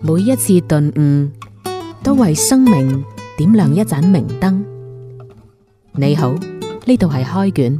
每一次頓悟，都為生命點亮一盞明燈。你好，呢度係開卷。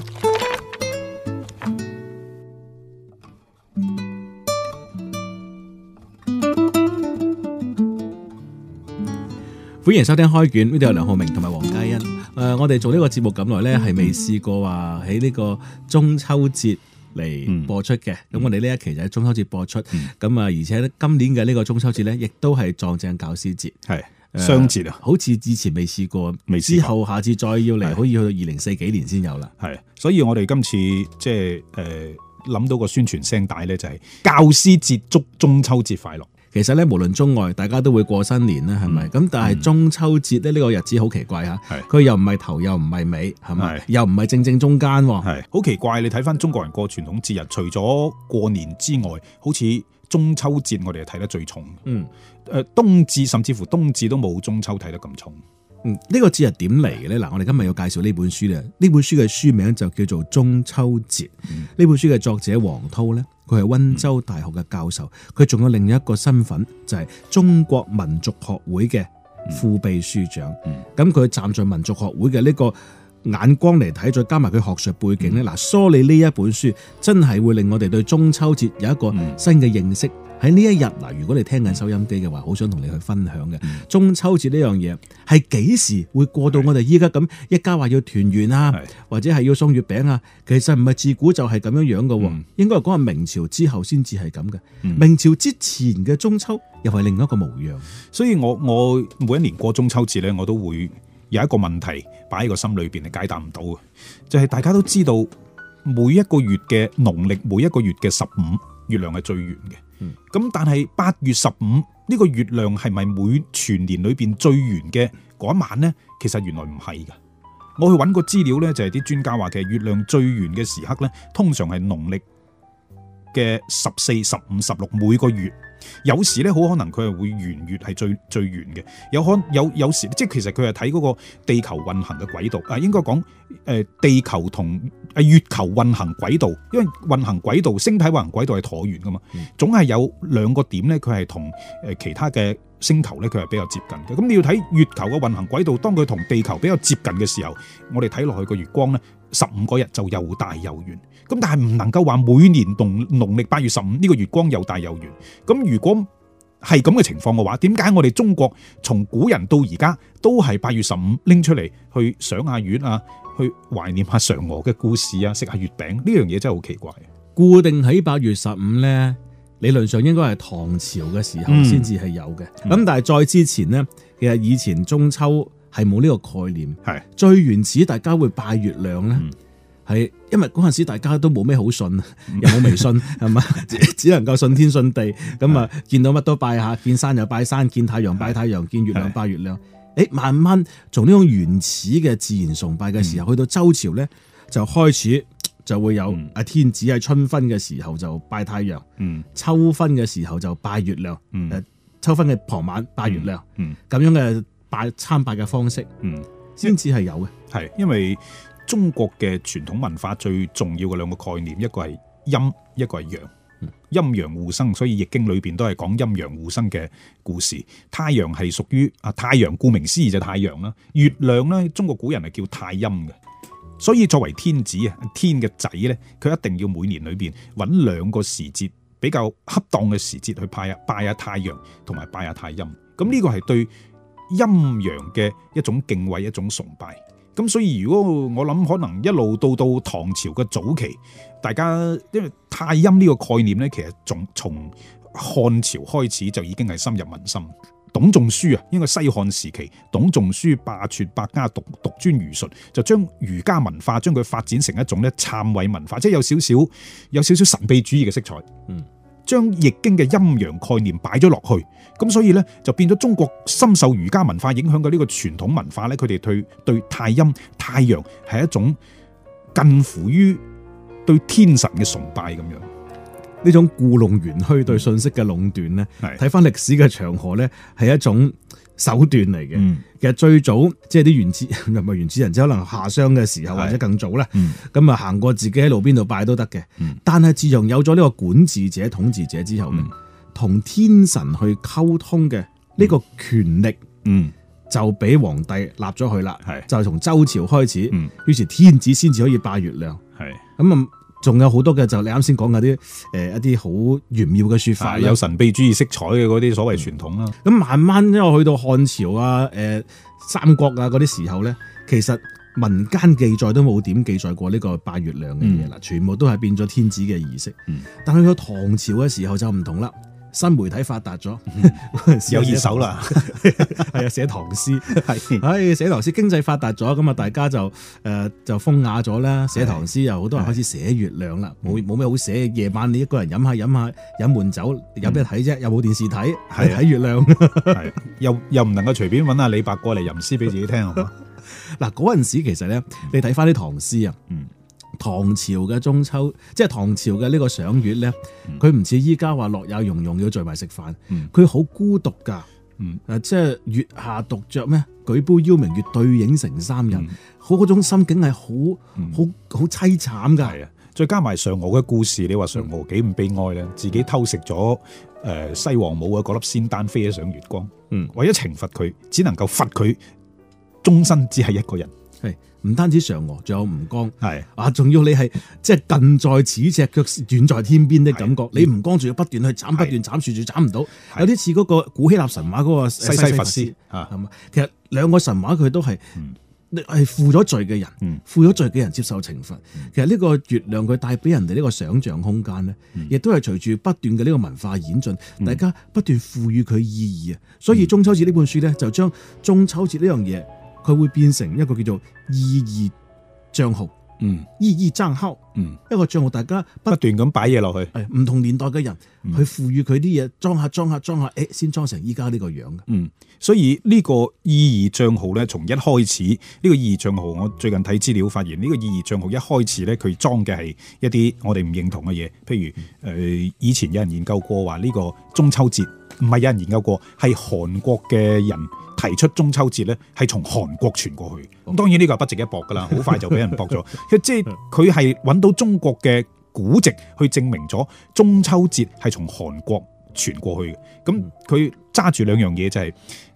歡迎收聽開卷，呢度有梁浩明同埋黃嘉欣。誒、呃，我哋做呢個節目咁耐呢，係未試過話喺呢個中秋節。嚟播出嘅，咁、嗯、我哋呢一期就喺中秋節播出，咁啊、嗯，而且今年嘅呢個中秋節咧，亦都係撞正教師節，係雙節啊，呃、好似之前未試過，未之後下次再要嚟，是可以去到二零四幾年先有啦，係，所以我哋今次即係誒諗到個宣傳聲帶咧，就係、是、教師節祝中秋節快樂。其實咧，無論中外，大家都會過新年啦，係咪？咁、嗯、但係中秋節咧，呢個日子好奇怪嚇，佢、嗯、又唔係頭，又唔係尾，係咪？是又唔係正正中間喎，係好奇怪。你睇翻中國人過傳統節日，除咗過年之外，好似中秋節，我哋係睇得最重。嗯、呃，冬至甚至乎冬至都冇中秋睇得咁重。嗯這個、字是麼呢個節日點嚟嘅咧？嗱，我哋今日要介紹呢本書咧。呢本書嘅書名就叫做《中秋節》。呢、嗯、本書嘅作者黃濤咧，佢係溫州大學嘅教授，佢仲、嗯、有另一個身份就係、是、中國民族學會嘅副秘書長。咁佢、嗯嗯、站在民族學會嘅呢、這個。眼光嚟睇，再加埋佢學術背景咧，嗱、嗯，梳理呢一本書，真係會令我哋對中秋節有一個新嘅認識。喺呢、嗯、一日嗱，如果你聽緊收音機嘅話，好想同你去分享嘅、嗯、中秋節呢樣嘢，係幾時會過到我哋依家咁一家話要團圓啊，是或者係要送月餅啊？其實唔係自古就係咁樣樣嘅、啊，嗯、應該係講係明朝之後先至係咁嘅。嗯、明朝之前嘅中秋又係另一個模樣，所以我我每一年過中秋節咧，我都會。有一個問題擺喺個心裏邊係解答唔到嘅，就係、是、大家都知道每一個月嘅農曆每一個月嘅十五月亮係最圓嘅。咁、嗯、但係八月十五呢個月亮係咪每全年裏邊最圓嘅嗰一晚呢？其實原來唔係㗎。我去揾個資料呢，就係、是、啲專家話其實月亮最圓嘅時刻呢，通常係農曆嘅十四、十五、十六每個月。有時咧，好可能佢係會圓月係最最圓嘅，有可有有時，即係其實佢係睇嗰個地球運行嘅軌道啊，應該講、呃、地球同、呃、月球運行軌道，因為運行軌道、星體運行軌道係橢圓噶嘛，總係有兩個點咧，佢係同、呃、其他嘅星球咧，佢係比較接近嘅，咁你要睇月球嘅運行軌道，當佢同地球比較接近嘅時候，我哋睇落去個月光咧，十五嗰日就又大又圓。咁但係唔能夠話每年同農，農曆八月十五呢個月光又大又圓。咁如果係咁嘅情況嘅話，點解我哋中國從古人到而家都係八月十五拎出嚟去賞下月啊，去懷念下嫦娥嘅故事啊，食下月餅呢樣嘢真係好奇怪。固定喺八月十五呢？理論上應該係唐朝嘅時候先至係有嘅，咁、嗯嗯、但係再之前呢，其實以前中秋係冇呢個概念。係是最原始，大家會拜月亮呢，係、嗯、因為嗰陣時大家都冇咩好信，嗯、又冇微信，係嘛， 只能夠信天信地，咁啊是見到乜都拜下，見山就拜山，見太陽拜太陽，是見月亮拜月亮。誒是、欸，慢慢從呢種原始嘅自然崇拜嘅時候，嗯、去到周朝呢，就開始。就會有啊天子喺春分嘅時候就拜太陽，嗯、秋分嘅時候就拜月亮。誒、嗯，秋分嘅傍晚拜月亮，咁、嗯嗯、樣嘅拜參拜嘅方式，先至係有嘅。係因為中國嘅傳統文化最重要嘅兩個概念，一個係陰，一個係陽。陰陽、嗯、互生，所以易經裏邊都係講陰陽互生嘅故事。太陽係屬於啊，太陽顧名思義就太陽啦。月亮咧，中國古人係叫太陰嘅。所以作為天子啊，天嘅仔呢，佢一定要每年裏面揾兩個時節、比較恰當嘅時節去拜啊，拜下太陽，同埋拜下太陰。咁呢個係對陰陽嘅一種敬畏，一種崇拜。咁所以如果我諗，可能一路到到唐朝嘅早期，大家因為太陰呢個概念呢，其實從從漢朝開始就已經係深入民心。董仲舒啊，應該，西漢時期，董仲舒罷黜百家，獨獨尊儒術，就將儒家文化，將佢發展成一種咧讖緯文化，即係有少少有少少神秘主義嘅色彩。嗯，將易經嘅陰陽概念擺咗落去，咁所以咧就變咗中國深受儒家文化影響嘅呢個傳統文化咧，佢哋對對太陰太陽係一種近乎於對天神嘅崇拜咁樣。呢種故弄玄虛對信息嘅壟斷咧，睇翻歷史嘅長河咧，係一種手段嚟嘅。嗯、其實最早即係啲原始，唔、就、係、係、原始人，即可能夏商嘅時候或者更早咧。咁啊、嗯，行過自己喺路邊度拜都得嘅。但係自從有咗呢個管治者、嗯、統治者之後咧，同、嗯、天神去溝通嘅呢個權力，嗯，就俾皇帝立咗去啦。係、嗯、就係從周朝開始，嗯、於是天子先至可以拜月亮。係咁是。嗯仲有好多嘅就你啱先講嘅啲誒一啲好、呃、玄妙嘅説法，有神秘主義色彩嘅嗰啲所謂傳統啦。咁、嗯、慢慢因為去到漢朝啊、誒、呃、三國啊嗰啲時候咧，其實民間記載都冇點記載過呢個拜月亮嘅嘢啦，嗯、全部都係變咗天子嘅儀式。嗯、但去到唐朝嘅時候就唔同啦。新媒體發達咗， 有熱手啦。係啊，寫唐詩，係，唉，寫唐詩。經濟發達咗，咁啊，大家就誒就風雅咗啦。寫唐詩又好的多人開始寫月亮啦。冇冇咩好寫，夜、嗯、晚你一個人飲下飲下飲悶酒，嗯、有咩睇啫？又冇電視睇，係睇月亮。又又唔能夠隨便揾阿李白過嚟吟詩俾自己聽，好嘛？嗱，嗰陣時其實咧，你睇翻啲唐詩啊。嗯唐朝嘅中秋，即係唐朝嘅呢個賞月咧，佢唔似依家話樂有融融要聚埋食飯，佢好、嗯、孤獨㗎，啊、嗯呃、即係月下獨酌咩？舉杯邀明月，對影成三人，嗯、好嗰種心境係、嗯、好好好悽慘㗎。再加埋嫦娥嘅故事，你話嫦娥幾唔悲哀咧？自己偷食咗誒西王母嘅嗰粒仙丹，飛咗上月光，嗯、為咗懲罰佢，只能夠罰佢終身只係一個人。係。唔單止嫦娥，仲有吳剛，係是的 啊，仲要你係即係近在咫尺，卻遠在天邊的感覺。的嗯、你吳剛仲要不斷去斬，不斷斬樹，住斬唔到，有啲似嗰個古希臘神話嗰個西西弗斯嚇，係嘛？其實兩個神話佢都係係負咗罪嘅人，負咗罪嘅人接受懲罰。其實呢個月亮佢帶俾人哋呢個想像空間咧，亦都係隨住不斷嘅呢個文化演進，大家不斷賦予佢意義啊。所以中秋節呢本書咧，就將中秋節呢樣嘢。佢會變成一個叫做意義帳號，嗯，意義帳號，嗯，一個帳號大家不，不斷咁擺嘢落去、哎，係唔同年代嘅人、嗯、去賦予佢啲嘢裝下裝下裝下，誒先裝，、哎、裝成依家呢個樣嘅，嗯，所以呢個意義帳號咧，從一開始呢、呢個意義帳號，我最近睇資料發現，呢、呢個意義帳號一開始咧，佢裝嘅係一啲我哋唔認同嘅嘢，譬如誒、呃、以前有人研究過話呢個中秋節，唔係有人研究過，係韓國嘅人。提出中秋節咧係從韓國傳過去，當然呢個係不值一駁噶啦，好快就俾人駁咗。即係佢係搵到中國嘅古籍去證明咗中秋節係從韓國傳過去嘅。咁佢揸住兩樣嘢就係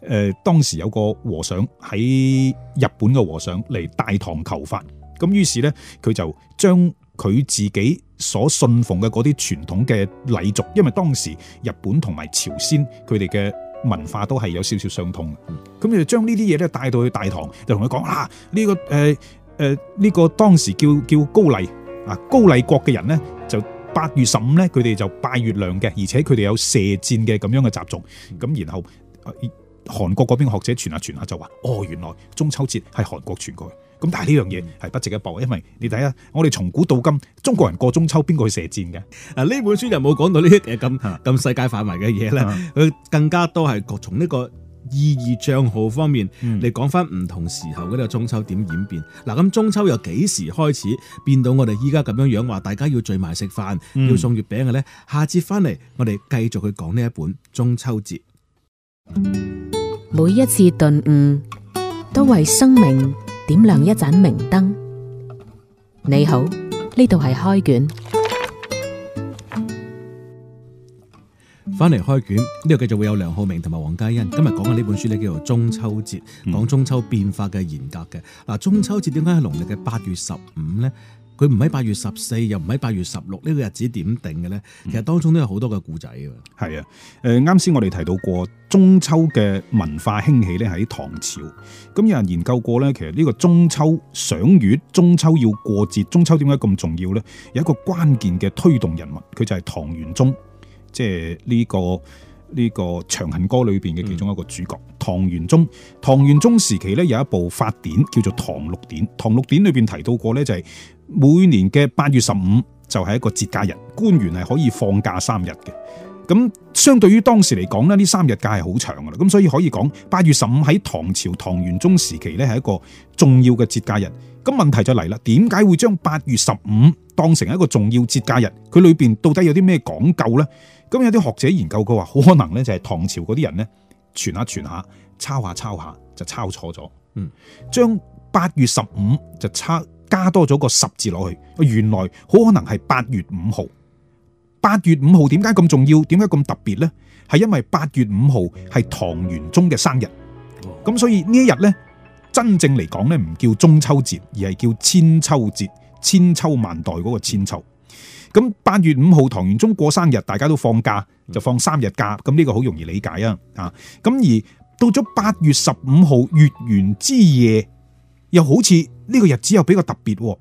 誒，當時有個和尚喺日本嘅和尚嚟大唐求法，咁於是咧佢就將佢自己所信奉嘅嗰啲傳統嘅禮俗，因為當時日本同埋朝鮮佢哋嘅。文化都係有少少相通，咁就將呢啲嘢咧帶到去大唐，就同佢講啊，呢、這個誒呢、呃呃這個當時叫叫高麗啊高麗國嘅人呢，就八月十五咧佢哋就拜月亮嘅，而且佢哋有射箭嘅咁樣嘅習俗，咁然後韓國嗰邊學者傳下傳下就話，哦原來中秋節係韓國傳過去。咁但係呢樣嘢，係不值一駁，因為你睇下，我哋從古到今，中國人過中秋邊個去射箭嘅？嗱，呢本書就冇講到呢啲咁咁世界範圍嘅嘢咧，佢 更加多係從呢個意義賬號方面嚟講翻唔同時候嘅呢個中秋點演變。嗱、嗯，咁中秋由幾時開始變到我哋依家咁樣樣話大家要聚埋食飯，嗯、要送月餅嘅咧？下次翻嚟我哋繼續去講呢一本中秋節。每一次頓悟都為生命。嗯點亮一盞明燈。你好，呢度係開卷。翻嚟開卷，呢度繼續會有梁浩明同埋黃嘉欣。今日講嘅呢本書呢，叫做《中秋節》，講中秋變化嘅嚴格嘅。嗱，中秋節點解係農曆嘅八月十五呢？佢唔喺八月十四，又唔喺八月十六，呢個日子點定嘅呢？其實當中都有好多嘅故仔㗎。係啊，誒啱先我哋提到過中秋嘅文化興起咧，喺唐朝。咁有人研究過呢，其實呢個中秋賞月，中秋要過節，中秋點解咁重要呢？有一個關鍵嘅推動人物，佢就係唐玄宗，即係呢個呢個長恨歌裏邊嘅其中一個主角。嗯、唐玄宗，唐玄宗時期呢，有一部法典叫做唐典《唐六典》。《唐六典》裏邊提到過呢，就係、是。每年嘅八月十五就係一個節假日，官員係可以放假三日嘅。咁相對於當時嚟講呢，呢三日假係好長噶啦。咁所以可以講，八月十五喺唐朝唐玄宗時期呢係一個重要嘅節假日。咁問題就嚟啦，點解會將八月十五當成一個重要節假日？佢裏邊到底有啲咩講究呢？咁有啲學者研究佢話，好可能呢就係唐朝嗰啲人呢傳下傳下，抄下抄下就抄錯咗。嗯，將八月十五就抄。加多咗個十字落去，原來好可能係八月五號。八月五號點解咁重要？點解咁特別呢？係因為八月五號係唐玄宗嘅生日。咁所以呢一日呢，真正嚟講呢，唔叫中秋節，而係叫千秋節，千秋萬代嗰個千秋。咁八月五號唐玄宗過生日，大家都放假，就放三日假。咁、這、呢個好容易理解啊。啊，咁而到咗八月十五號月圓之夜，又好似。呢個日子又比較特別喎。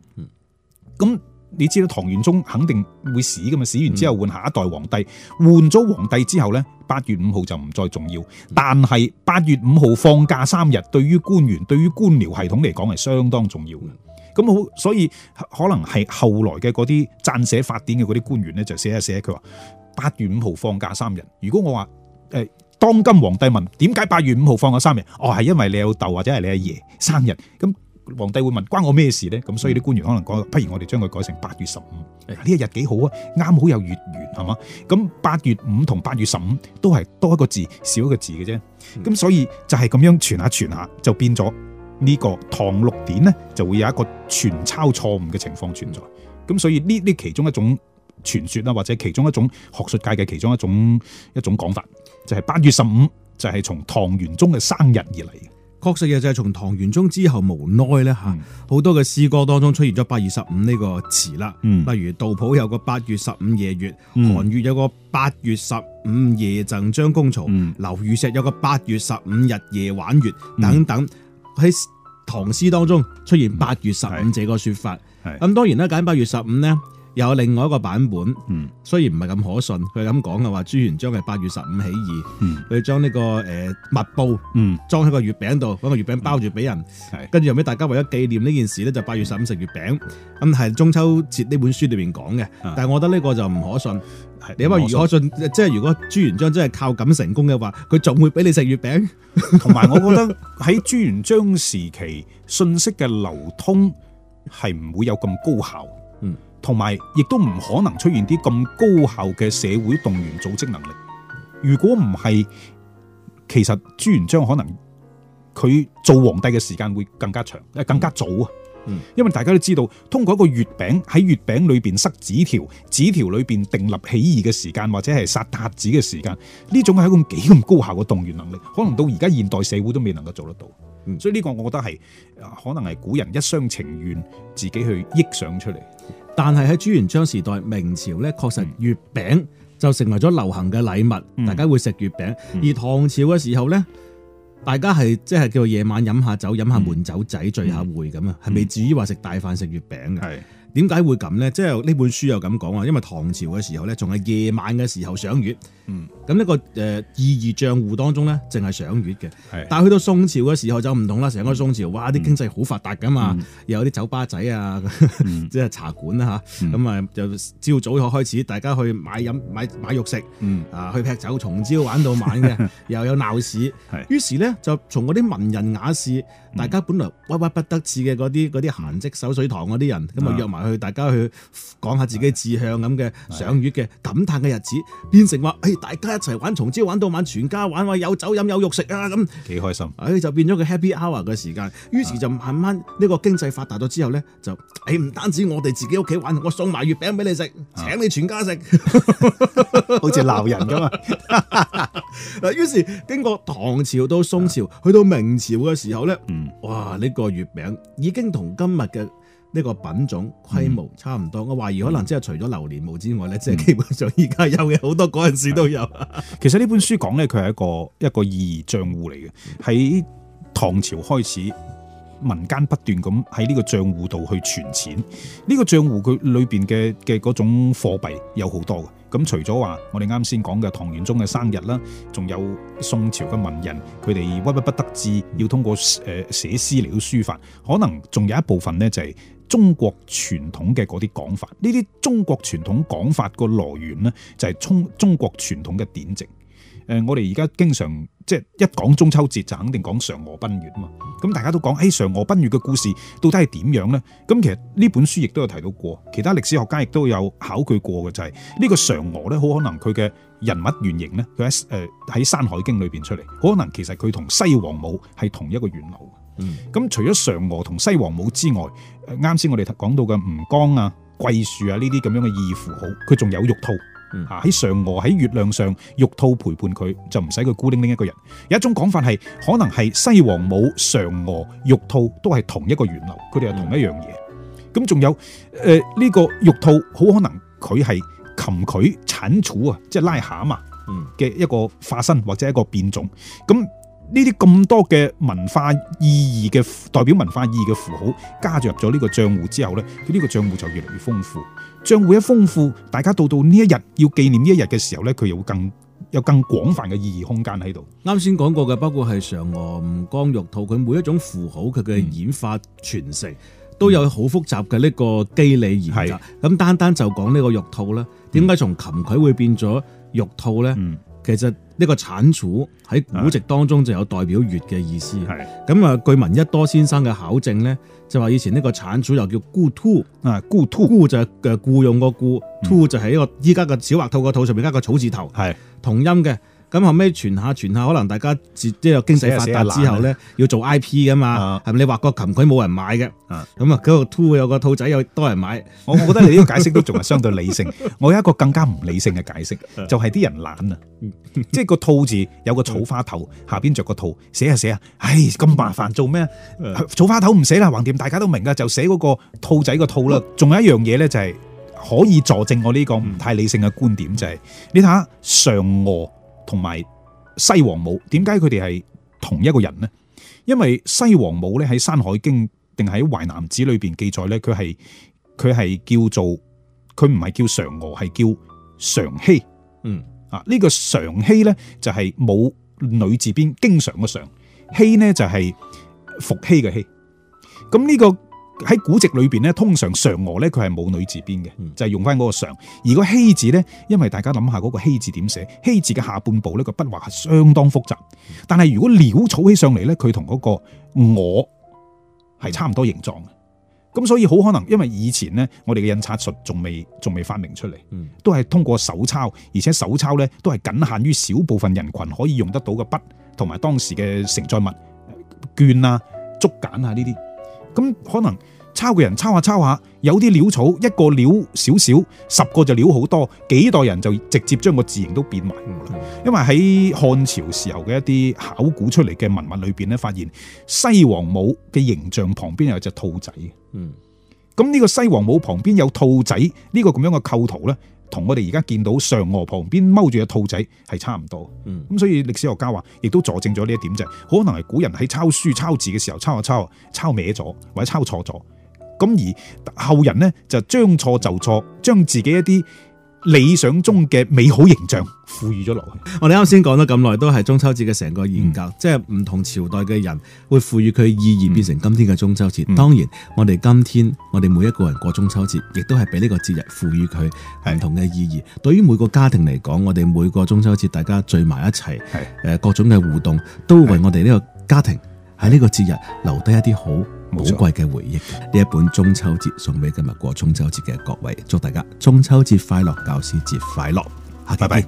咁你知道唐玄宗肯定會死噶嘛。死完之後換下一代皇帝，換咗皇帝之後呢，八月五號就唔再重要。但係八月五號放假三日，對於官員、對於官僚系統嚟講係相當重要。咁好，所以可能係後來嘅嗰啲撰寫法典嘅嗰啲官員呢，就寫下寫下，佢話八月五號放假三日。如果我話誒、呃，當今皇帝問點解八月五號放假三日？哦，係因為你老豆或者係你阿爺生日咁。皇帝會問關我咩事呢？咁所以啲官員可能講，不如我哋將佢改成八月十五是的，呢一日幾好啊，啱好有月圓，係嘛？咁八月五同八月十五都係多一個字，少一個字嘅啫。咁所以就係咁樣傳下傳下，就變咗呢個唐六典呢，就會有一個傳抄錯誤嘅情況存在。咁所以呢呢其中一種傳說啦，或者其中一種學術界嘅其中一種一種講法，就係、是、八月十五就係從唐玄宗嘅生日而嚟。確實嘅就係從唐玄宗之後無奈咧吓，好、嗯、多嘅詩歌當中出現咗八月十五呢個詞啦，嗯、例如杜甫有個八月十五夜月，韓愈、嗯、有個八月十五夜贈張公曹，劉禹錫有個八月十五日夜玩月等等，喺、嗯、唐詩當中出現八月十五、嗯嗯、這個說法，咁當然啦，揀八月十五呢。有另外一個版本，雖然唔係咁可信，佢咁講嘅話，朱元璋係八月十五起義、嗯，佢將呢個密報包裝喺個月餅度，揾個月餅包住俾人，跟住後尾大家為咗紀念呢件事咧，就八、是、月十五食月餅，咁係中秋節呢本書裏邊講嘅。的但係我覺得呢個就唔可信，的你因為唔可信，即係如果朱元璋真係靠咁成功嘅話，佢仲會俾你食月餅？同埋我覺得喺朱元璋時期， 信息嘅流通係唔會有咁高效。同埋，亦都唔可能出現啲咁高效嘅社會動員組織能力。如果唔係，其實朱元璋可能佢做皇帝嘅時間會更加長，誒更加早啊。嗯，因為大家都知道，通過一個月餅喺月餅裏邊塞紙條，紙條裏邊訂立起義嘅時間或者係殺韃子嘅時間，呢種係咁幾咁高效嘅動員能力，可能到而家現代社會都未能夠做得到。嗯，所以呢個我覺得係可能係古人一廂情願自己去臆想出嚟。但係喺朱元璋時代，明朝呢確實月餅就成為咗流行嘅禮物，嗯、大家會食月餅。而唐朝嘅時候呢，嗯、大家係即係叫做夜晚飲下酒、飲下悶酒仔、聚、嗯、下會咁啊，係未至於話食大飯食月餅嘅。點解會咁呢？即係呢本書又咁講啊！因為唐朝嘅時候呢，仲係夜晚嘅時候賞月。嗯。咁呢個誒意義帳戶當中呢，淨係賞月嘅。但係去到宋朝嘅時候就唔同啦，成個宋朝哇啲經濟好發達噶嘛，又有啲酒吧仔啊，即係茶館啊。嚇。咁啊，就朝早開始大家去買飲買買肉食。啊，去劈酒，從朝玩到晚嘅，又有鬧市。係。於是呢，就從嗰啲文人雅士，大家本來屈屈不得志嘅嗰啲嗰啲閒職守水塘嗰啲人，咁啊約埋。去大家去講下自己的志向咁嘅賞月嘅感嘆嘅日子，的變成話誒，大家一齊玩，從朝玩到晚，全家玩，話有酒飲有肉食啊咁，幾開心！誒，就變咗個 happy hour 嘅時間。於是就慢慢呢個經濟發達咗之後呢，就誒唔單止我哋自己屋企玩，我送埋月餅俾你食，請你全家食，的 好似鬧人咁啊！嗱， 於是經過唐朝到宋朝，去到明朝嘅時候呢，哇！呢個月餅已經同今日嘅。呢個品種規模差唔多，嗯、我懷疑可能即係除咗榴槤墓之外咧，嗯、即係基本上而家有嘅好多嗰陣、嗯、時都有。其實呢本書講咧，佢係一個一個意義賬戶嚟嘅，喺、嗯、唐朝開始，民間不斷咁喺呢個賬戶度去存錢。呢、這個賬戶佢裏邊嘅嘅嗰種貨幣有好多嘅。咁除咗話我哋啱先講嘅唐玄宗嘅生日啦，仲有宋朝嘅文人佢哋屈屈不，不得志，要通過誒寫詩嚟到抒發。可能仲有一部分咧就係、是。中國傳統嘅嗰啲講法，呢啲中國傳統講法個來源呢，就係、是、中中國傳統嘅典籍。誒、呃，我哋而家經常即係一講中秋節就肯定講嫦娥奔月啊嘛。咁、嗯嗯、大家都講，誒、哎，嫦娥奔月嘅故事到底係點樣呢？咁其實呢本書亦都有提到過，其他歷史學家亦都有考據過嘅，就係、是、呢個嫦娥呢，好可能佢嘅人物原型呢，佢喺誒喺山海經裏邊出嚟，好可能其實佢同西王母係同一個源流。咁、嗯、除咗嫦娥同西王母之外，啱先我哋講到嘅吳剛啊、桂樹啊呢啲咁樣嘅異符號，佢仲有玉兔，喺、嗯、嫦娥喺月亮上，玉兔陪伴佢，就唔使佢孤零零一個人。有一種講法係，可能係西王母、嫦娥、玉兔都係同一個源流，佢哋係同一樣嘢。咁仲、嗯、有誒呢、呃這個玉兔，好可能佢係擒佢鏟草啊，即、就、係、是、拉下嘛嘅一個化身、嗯、或者一個變種。咁、嗯呢啲咁多嘅文化意義嘅代表文化意義嘅符號，加入咗呢個賬戶之後咧，佢呢個賬戶就越嚟越豐富。賬戶一豐富，大家到到呢一日要紀念呢一日嘅時候呢，佢又會更有更廣泛嘅意義空間喺度。啱先講過嘅，包括係嫦娥、吳剛玉兔，佢每一種符號，佢嘅演化傳承都有好複雜嘅呢個機理研究。咁的單單就講呢個玉兔，兔呢，點解從蟾佢會變咗玉兔呢？其實呢個蟾蜍喺古籍當中就有代表月嘅意思。咁啊的，據聞一多先生嘅考證咧，就話以前呢個蟾蜍又叫雇兔啊，雇兔雇就誒雇用個雇，嗯、兔就係一個依家嘅小白兔個兔上面加個草字頭，係的同音嘅。咁後尾傳下傳下，可能大家即係經濟發達之後咧，要做 IP 㗎嘛，係咪、啊啊、你話個琴佢冇人買嘅咁啊？嗰、啊、個兔有個兔仔有多人買，我覺得你呢個解釋都仲係相對理性。 我有一個更加唔理性嘅解釋，就係、是、啲人懶啊，即係 個兔字有個草花頭下邊着個兔寫啊寫啊，唉咁麻煩做咩？草花頭唔寫啦，橫掂大家都明噶，就寫嗰個兔仔個兔啦。仲、嗯、有一樣嘢咧，就係可以佐證我呢個唔太理性嘅觀點、就是，就係你睇下嫦娥。同埋西王母，點解佢哋係同一個人呢？因為西王母咧喺《山海經》定喺《淮南子》裏邊記載咧，佢係佢係叫做佢唔係叫嫦娥，係叫常羲。是常嗯啊，呢、這個常羲咧就係、是、冇女字邊，經常嘅常羲咧就係、是、伏羲嘅羲。咁呢、這個。喺古籍裏邊咧，通常嫦娥咧佢係冇女字邊嘅，嗯、就係用翻嗰個嫦。而個羲字咧，因為大家諗下嗰個羲字點寫，羲字嘅下半部呢個筆畫係相當複雜。嗯、但係如果潦草，起上嚟，咧，佢同嗰個娥係差唔多形狀嘅。咁、嗯、所以好可能，因為以前咧我哋嘅印刷術仲未仲未發明出嚟，嗯、都係通過手抄，而且手抄咧都係僅限於少部分人群可以用得到嘅筆，同埋當時嘅承載物卷啊、竹簡啊呢啲，咁可能。抄嘅人抄下抄下，有啲潦草，一個潦少少，十個就潦好多，幾代人就直接將個字形都變埋、mm hmm. 因為喺漢朝時候嘅一啲考古出嚟嘅文物裏邊咧，發現西王母嘅形象旁邊有隻兔仔。嗯、mm，咁、hmm. 呢個西王母旁邊有兔仔，呢、這個咁樣嘅構圖咧，同我哋而家見到嫦娥旁邊踎住嘅兔仔係差唔多。嗯、mm，咁、hmm. 所以歷史學家話，亦都佐證咗呢一點啫，就係、可能係古人喺抄書抄字嘅時候抄下抄下，抄歪咗或者抄錯咗。咁而後人呢，就將錯就錯，將自己一啲理想中嘅美好形象賦予咗落去。我哋啱先講咗咁耐，都係中秋節嘅成個沿革，嗯、即係唔同朝代嘅人會賦予佢意義、嗯、變成今天嘅中秋節。嗯、當然，我哋今天我哋每一個人過中秋節亦都係俾呢個節日賦予佢唔同嘅意義。的對於每個家庭嚟講，我哋每個中秋節大家聚埋一齊，誒的各種嘅互動都為我哋呢個家庭喺呢的個節日留低一啲好。寶貴嘅回憶，呢一本中秋節送俾今日過中秋節嘅各位，祝大家中秋節快樂，教師節快樂，下期拜拜。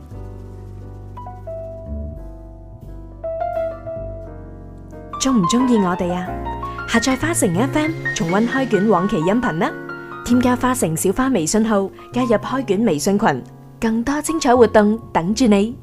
鍾唔鍾意我哋啊？下載花城 FM，重溫開卷往期音頻啦！添加花城小花微信號，加入開卷微信群，更多精彩活動等住你。